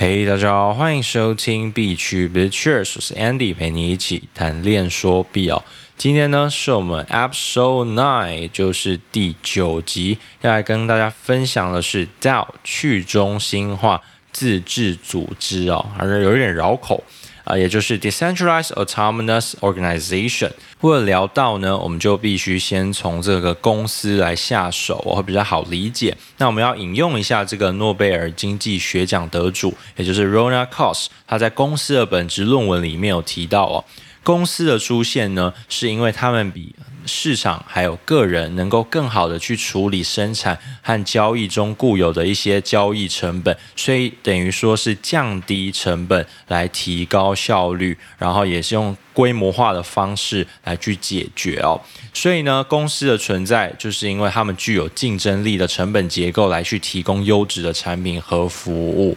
嘿、hey，大家好，歡迎收聽幣趣幣趣，我是 Andy，陪你一起談鏈說幣哦。今天呢，是我們 Episode Nine，就是第九集，要來跟大家分享的是 DAO 去中心化自治組織哦，好像有點繞口。啊，也就是 decentralized autonomous organization。為了聊到呢，我們就必須先從這個公司來下手哦，會比較好理解。那我們要引用一下這個諾貝爾經濟學獎得主，也就是 Rona Coase，他在《公司的本質》論文裡面有提到哦。公司的出現呢，是因為他們比市場還有個人能夠更好的去處理生產和交易中固有的一些交易成本，所以等於說是降低成本來提高效率，然後也是用規模化的方式來去解決哦。所以呢，公司的存在就是因為他們具有競爭力的成本結構來去提供優質的產品和服務，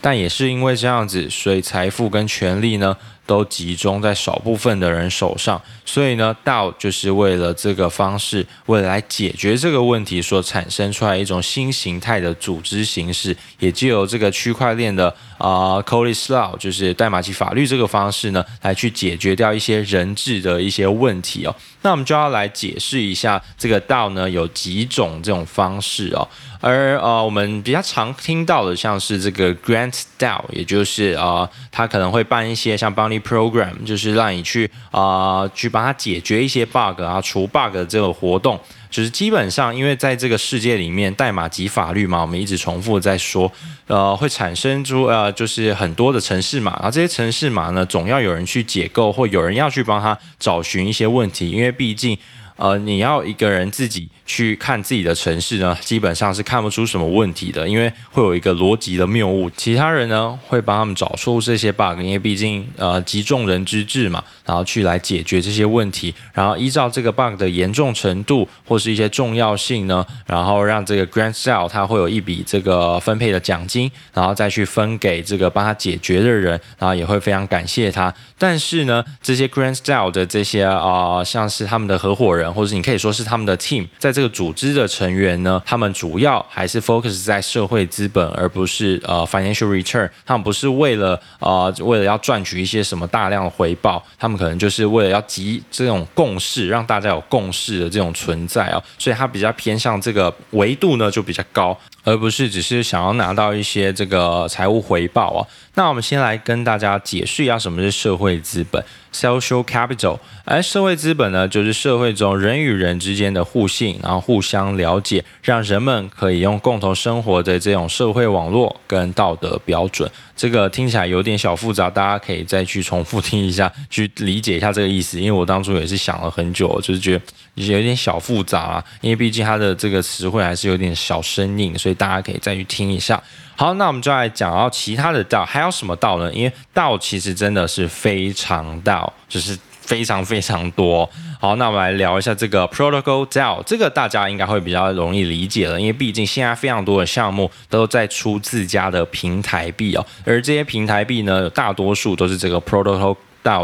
但也是因為這樣子，所以財富跟權力呢，都集中在少部分的人手上，所以呢，DAO 就是為了這個方式，為了來解決這個問題所產生出來一種新形態的組織形式，也藉由這個區塊鏈的啊，呃，code is law 就是代碼即法律這個方式呢，來去解決掉一些人治的一些問題哦。那我們就要來解釋一下這個 DAO 呢有幾種這種方式哦，而呃我們比較常聽到的像是這個 Grant DAO，也就是呃，他可能會辦一些像幫你。Program 就是讓你去啊、呃，去幫他解決一些 bug 啊，除 bug 的這個活動，就是基本上，因為在這個世界裡面，代碼及法律嘛，我們一直重複在說，呃，會產生出呃，就是很多的程式碼，然這些程式碼呢，總要有人去解構，或有人要去幫他找尋一些問題，因為畢竟。呃，你要一個人自己去看自己的程式呢，基本上是看不出什麼問題的，因為會有一個邏輯的謬誤。其他人呢會幫他們找出這些 bug，因為畢竟呃集眾人之智嘛，然後去來解決這些問題。然後依照這個 bug 的嚴重程度或是一些重要性呢，然後讓這個 grand style 他會有一筆這個分配的獎金，然後再去分給這個幫他解決的人，然後也會非常感謝他。但是呢，這些 grand style 的這些啊、呃，像是他們的合夥人。或者你可以說是他們的 team 在這個組織的成員呢，他們主要還是 focus 在社會資本，而不是呃 financial return。他們不是為了啊、呃，為了要賺取一些什麼大量的回報，他們可能就是為了要集這種共識，讓大家有共識的這種存在啊、哦，所以他比較偏向這個維度呢就比較高，而不是只是想要拿到一些這個財務回報啊、哦。那我們先來跟大家解釋一下什麼是社會資本 （social capital）。而社會資本呢，就是社會中人與人之間的互信，然後互相了解，讓人們可以用共同生活的這種社會網絡跟道德標準。這個聽起來有點小複雜，大家可以再去重複聽一下，去理解一下這個意思。因為我當初也是想了很久，就是覺得有點小複雜啊，因為畢竟它的這個詞彙還是有點小生硬，所以大家可以再去聽一下。好，那我們就來講到其他的 DAO，還有什麼 DAO 呢？因為 DAO 其實真的是非常 DAO，就是非常非常多。好，那我們來聊一下這個 Protocol DAO，這個大家應該會比較容易理解了，因為畢竟現在非常多的項目都在出自家的平台幣哦，而這些平台幣呢，大多數都是這個 Protocol。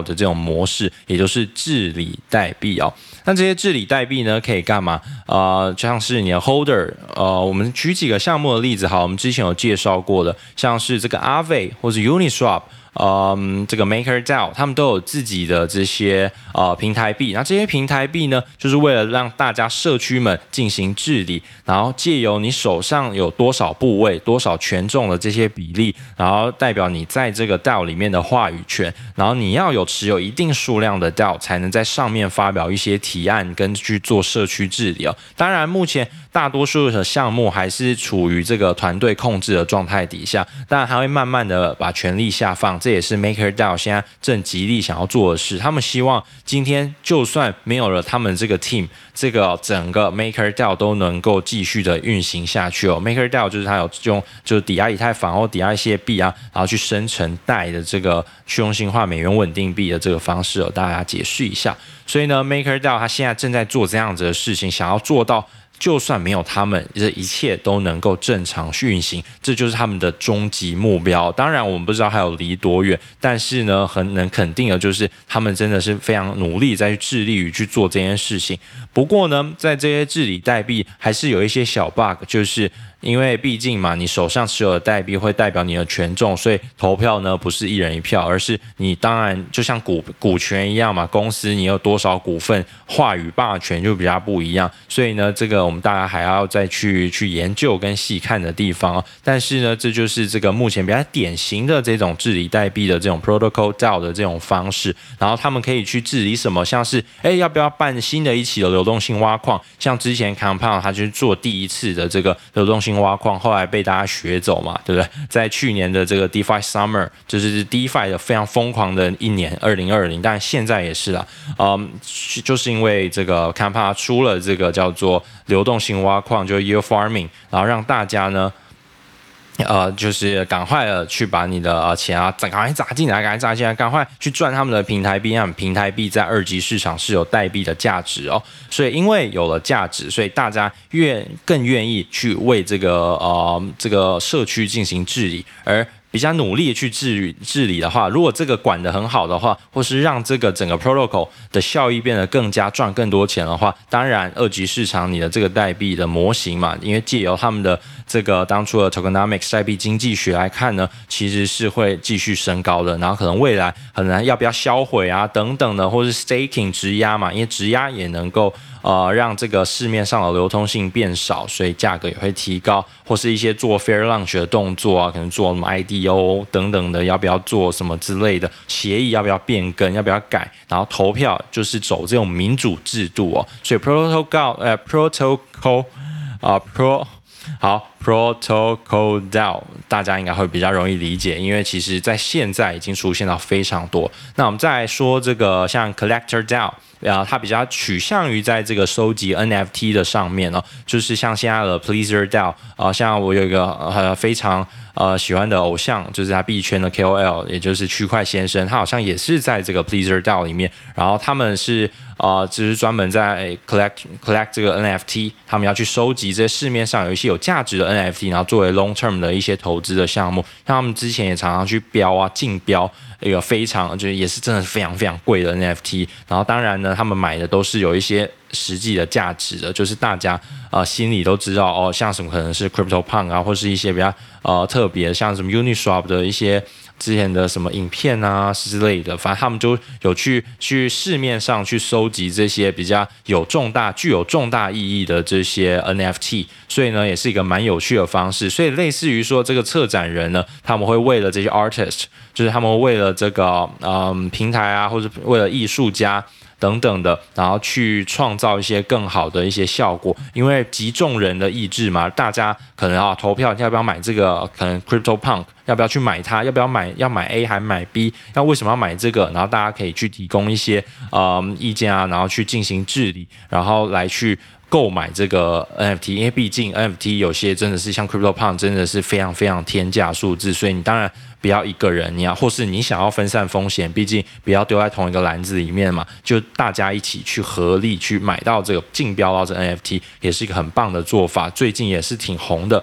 的這種模式，也就是治理代幣哦。那這些治理代幣呢，可以幹嘛？呃，就像是你的 holder，呃，我們舉幾個項目的例子哈。我們之前有介紹過的，像是這個 Aave 或者 Uniswap。呃、嗯，這個 Maker DAO，他們都有自己的這些呃平台幣，那這些平台幣呢，就是為了讓大家社區們進行治理，然後借由你手上有多少部位、多少權重的這些比例，然後代表你在這個 DAO 裡面的話語權，然後你要有持有一定數量的 DAO 才能在上面發表一些提案跟去做社區治理、哦、當然目前。大多數的項目還是處於這個團隊控制的狀態底下，但還會慢慢的把權力下放，這也是 MakerDAO 現在正極力想要做的事。他們希望今天就算沒有了他們這個 team，這個整個 MakerDAO 都能夠繼續的運行下去哦。MakerDAO 就是它有用，就是抵押以太坊或抵押一些幣啊，然後去生成貸的這個去中心化美元穩定幣的這個方式哦。大家解釋一下，所以呢，MakerDAO 他現在正在做這樣子的事情，想要做到。就算沒有他們，這一切都能夠正常運行，這就是他們的終極目標。當然，我們不知道還有離多遠，但是呢，很能肯定的就是他們真的是非常努力在致力於去做這件事情。不過呢，在這些治理代幣還是有一些小 bug，就是。因為畢竟嘛，你手上持有的代幣會代表你的權重，所以投票呢，不是一人一票，而是你當然就像股股權一樣嘛，公司你有多少股份，話語霸權就比較不一樣。所以呢，這個我們大家還要再去去研究跟細看的地方、哦。但是呢，這就是這個目前比較典型的這種治理代幣的這種 protocol DAO 的這種方式。然後他們可以去治理什麼，像是哎要不要辦新的一期的流動性挖礦，像之前 Compound 它就做第一次的這個流動性。挖礦後來被大家學走嘛，對不對？在去年的這個 DeFi Summer，就是 DeFi 的非常瘋狂的一年，二零二零，但現在也是了，嗯、um,，就是因為這個 Compound 出了這個叫做流動性挖礦，就 Yield Farming，然後讓大家呢。呃，就是趕快的去把你的呃錢啊，趕快砸進來，趕快砸進來，趕快去賺他們的平台幣啊！平台幣在二級市場是有代幣的價值哦，所以因為有了價值，所以大家願更願意去為這個呃這個社區進行治理，而。比較努力去治治理的話，如果這個管得很好的話，或是讓這個整個 protocol 的效益變得更加賺更多錢的話，當然二級市場你的這個代幣的模型嘛，因為借由他們的這個當初的 tokenomics 代幣經濟學來看呢，其實是會繼續升高的。然後可能未來很難要不要銷毀啊等等的，或是 staking 質押嘛，因為質押也能夠。呃，讓這個市面上的流通性變少，所以價格也會提高，或是一些做 fair launch 的動作啊，可能做什麼 IDO 等等的，要不要做什麼之類的，協議要不要變更，要不要改，然後投票就是走這種民主制度哦，所以 protocol 呃 protocol 啊、呃、pro 好。Protocol DAO，大家應該會比較容易理解，因為其實在現在已經出現了非常多。那我們再來說這個像 Collector DAO，啊、呃，它比較趨向於在這個收集 NFT 的上面哦、呃，就是像現在的 Pleaser DAO，啊、呃，像我有一個呃非常呃喜歡的偶像，就是他幣圈的 KOL，也就是區塊先生，他好像也是在這個 Pleaser DAO 裡面，然後他們是啊、呃，就是專門在 collect collect 這個 NFT，他們要去收集這些市面上有一些有價值的。NFT，然後作為 long term 的一些投資的項目，像他們之前也常常去標啊、競標一個非常就是也是真的非常非常貴的 NFT，然後當然呢，他們買的都是有一些實際的價值的，就是大家呃心裡都知道哦，像什麼可能是 CryptoPunk 啊，或是一些比較呃特別的像什麼 Uniswap 的一些。之前的什麼影片啊之類的，反正他們就有去去市面上去收集這些比較有重大、具有重大意義的這些 NFT，所以呢，也是一個蠻有趣的方式。所以，類似於說這個策展人呢，他們會為了這些 artist，就是他們為了這個嗯平台啊，或者為了藝術家等等的，然後去創造一些更好的一些效果。因為集眾人的意志嘛，大家可能啊投票，要不要買這個？可能 Crypto Punk。要不要去買它？要不要買？要買 A 還買 B？那為什麼要買這個？然後大家可以去提供一些嗯意見啊，然後去進行治理，然後來去購買這個 NFT。因為畢竟 NFT 有些真的是像 CryptoPunk 真的是非常非常天價數字，所以你當然不要一個人，你要或是你想要分散風險，畢竟不要丟在同一個籃子裡面嘛。就大家一起去合力去買到這個，競標到這個 NFT 也是一個很棒的做法，最近也是挺紅的。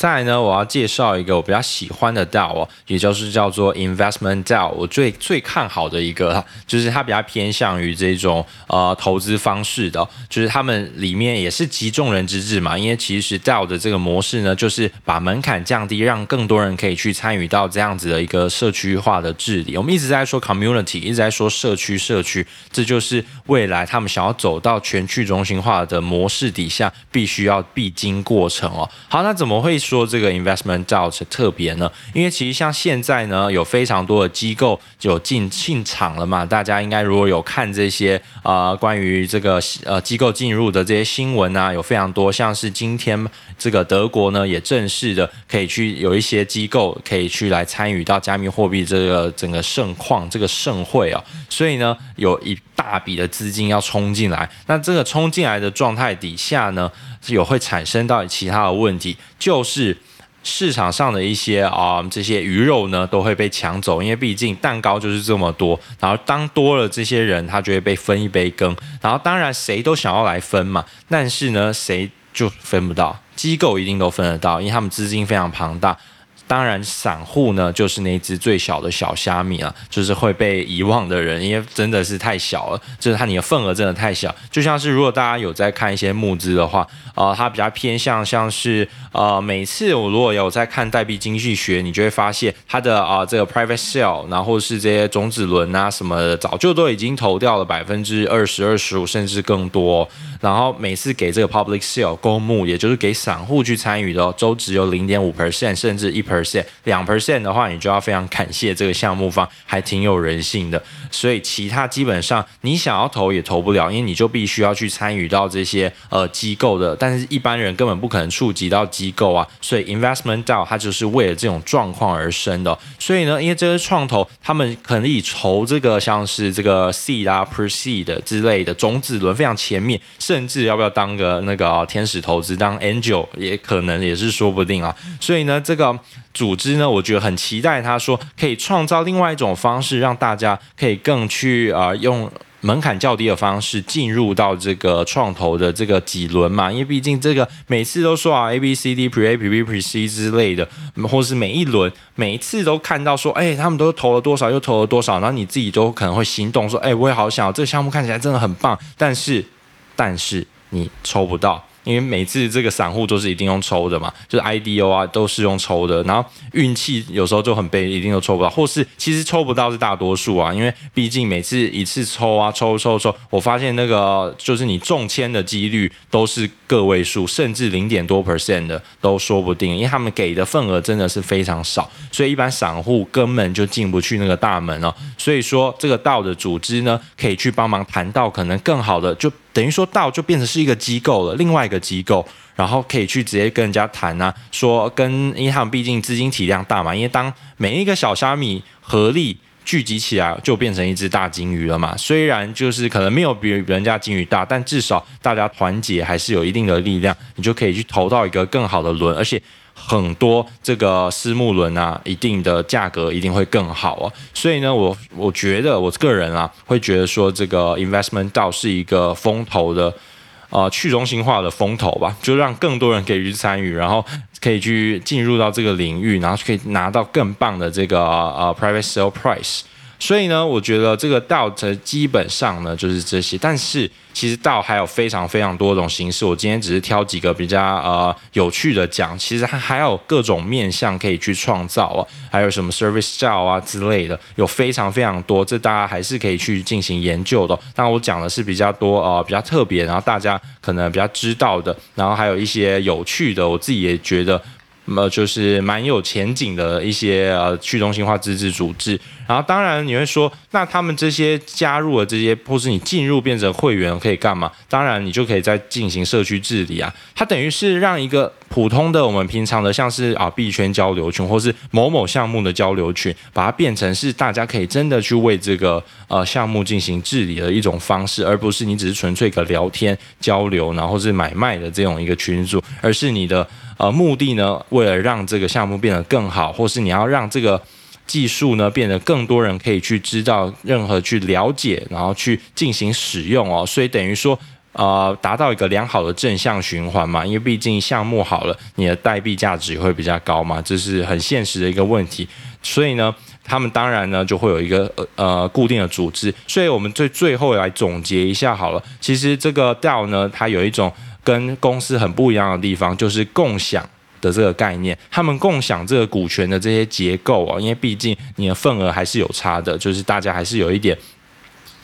再來呢，我要介紹一個我比較喜歡的 DAO 哦，也就是叫做 Investment DAO。我最最看好的一個，就是它比較偏向於這種呃投資方式的，就是他們裡面也是集眾人之智嘛。因為其實 DAO 的這個模式呢，就是把門檻降低，讓更多人可以去參與到這樣子的一個社區化的治理。我們一直在說 Community，一直在說社區社區，這就是未來他們想要走到全去中心化的模式底下必須要必經過程哦。好，那怎麼會？做這個 investment doubt 特別呢？因為其實像現在呢，有非常多的機構就進進場了嘛。大家應該如果有看這些啊、呃，關於這個呃機構進入的這些新聞啊，有非常多。像是今天這個德國呢，也正式的可以去有一些機構可以去來參與到加密貨幣這個整個盛況這個盛會啊。所以呢，有一。大筆的資金要衝進來，那這個衝進來的狀態底下呢，是有會產生到其他的問題，就是市場上的一些啊、哦、這些魚肉呢都會被搶走，因為畢竟蛋糕就是這麼多，然後當多了這些人，他就會被分一杯羹，然後當然誰都想要來分嘛，但是呢，誰就分不到，機構一定都分得到，因為他們資金非常龐大。當然，散戶呢，就是那隻最小的小蝦米啊，就是會被遺忘的人，因為真的是太小了，就是他你的份額真的太小。就像是如果大家有在看一些募資的話，啊、呃，它比較偏向像是啊、呃、每次我如果有在看代幣經濟學，你就會發現它的啊、呃、這個 private sale，然後是這些種子輪啊什麼的，早就都已經投掉了百分之二十二十五甚至更多、哦，然後每次給這個 public sale 公募，也就是給散戶去參與的、哦，都只有零點五 percent，甚至一 per。兩 percent 的話，你就要非常感謝這個項目方還挺有人性的，所以其他基本上你想要投也投不了，因為你就必須要去參與到這些呃機構的，但是一般人根本不可能觸及到機構啊，所以 investment DAO 它就是為了這種狀況而生的、哦，所以呢，因為這些創投他們可能以籌這個像是這個 seed 啦、啊、pre-seed 之類的種子輪非常前面，甚至要不要當個那個、哦、天使投資當 angel 也可能也是說不定啊，所以呢這個。組織呢，我覺得很期待，他說可以創造另外一種方式，讓大家可以更去啊、呃，用門檻較低的方式進入到這個創投的這個幾輪嘛。因為畢竟這個每次都說啊，A B C D pre A pre B pre C 之類的，或是每一輪每一次都看到說，哎、欸，他們都投了多少，又投了多少，然後你自己都可能會心動，說，哎、欸，我也好想這個項目看起來真的很棒，但是，但是你抽不到。因為每次這個散戶都是一定用抽的嘛，就是 IDO 啊都是用抽的，然後運氣有時候就很背，一定都抽不到，或是其實抽不到是大多數啊，因為畢竟每次一次抽啊抽一抽一抽，我發現那個就是你中簽的幾率都是個位數，甚至零點多 percent 的都說不定，因為他們給的份額真的是非常少，所以一般散戶根本就進不去那個大門哦。所以說這個道的組織呢，可以去幫忙談到可能更好的就。等於說到就變成是一個機構了，另外一個機構，然後可以去直接跟人家談啊，說跟銀行畢竟資金體量大嘛，因為當每一個小蝦米合力聚集起來，就變成一只大鯨魚了嘛。雖然就是可能沒有比人家鯨魚大，但至少大家團結還是有一定的力量，你就可以去投到一個更好的輪，而且。很多這個私募輪啊，一定的價格一定會更好哦、啊。所以呢，我我覺得我個人啊，會覺得說這個 investment DAO 是一個風投的呃去中心化的風投吧，就讓更多人可以去參與，然後可以去進入到這個領域，然後可以拿到更棒的這個呃、啊啊、private sale price。所以呢，我覺得這個道基本上呢就是這些。但是其實道還有非常非常多種形式，我今天只是挑幾個比較呃有趣的講。其實它還有各種面向可以去創造啊，還有什麼 service 教啊之類的，有非常非常多，這大家還是可以去進行研究的。但我講的是比較多呃比較特別，然後大家可能比較知道的，然後還有一些有趣的，我自己也覺得。什麼就是蠻有前景的一些呃去中心化自治組織，然後當然你會說，那他們這些加入了這些，或是你進入變成會員可以幹嘛？當然你就可以再進行社區治理啊。它等於是讓一個普通的我們平常的像是啊幣圈交流群，或是某某項目的交流群，把它變成是大家可以真的去為這個呃項目進行治理的一種方式，而不是你只是純粹個聊天交流，然後是買賣的這種一個群組，而是你的。呃，目的呢，為了讓這個項目變得更好，或是你要讓這個技術呢變得更多人可以去知道、任何去了解，然後去進行使用哦。所以等於說，呃，達到一個良好的正向循環嘛。因為畢竟項目好了，你的代幣價值也會比較高嘛，這是很現實的一個問題。所以呢，他們當然呢就會有一個呃固定的組織。所以我們最最後來總結一下好了，其實這個 DAO 呢，它有一種。跟公司很不一樣的地方就是共享的這個概念，他們共享這個股權的這些結構啊、哦，因為畢竟你的份額還是有差的，就是大家還是有一點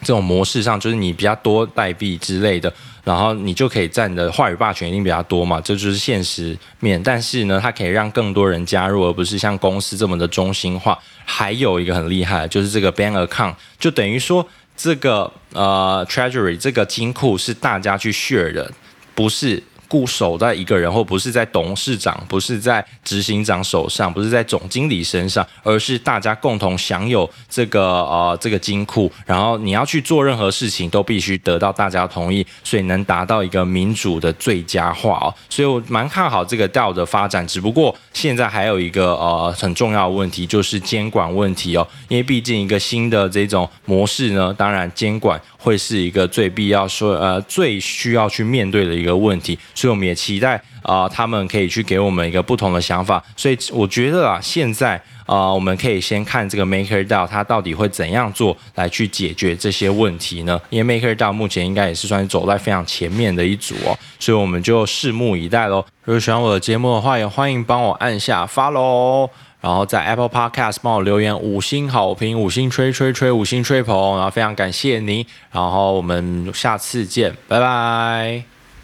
這種模式上，就是你比較多代幣之類的，然後你就可以占的話語霸權一定比較多嘛，這就是現實面。但是呢，它可以讓更多人加入，而不是像公司這麼的中心化。還有一個很厲害就是這個 bank account，就等於說這個呃 treasury 這個金庫是大家去 share 的。不是固守在一個人，或不是在董事長，不是在執行長手上，不是在總經理身上，而是大家共同享有這個呃這個金庫。然後你要去做任何事情，都必須得到大家同意，所以能達到一個民主的最佳化哦。所以我蠻看好這個 DAO 的發展，只不過現在還有一個呃很重要的問題，就是監管問題哦，因為畢竟一個新的這種模式呢，當然監管。會是一個最必要說呃最需要去面對的一個問題，所以我們也期待啊、呃、他們可以去給我們一個不同的想法。所以我覺得啊現在啊、呃、我們可以先看這個 MakerDAO 它到底會怎樣做來去解決這些問題呢？因為 MakerDAO 目前應該也是算是走在非常前面的一組哦，所以我們就拭目以待嘍。如果喜歡我的節目的話，也歡迎幫我按下 follow 嘍。然後在 Apple Podcast 幫我留言五星好評，五星吹吹吹，五星吹捧，然後非常感謝您，然後我們下次見，拜拜。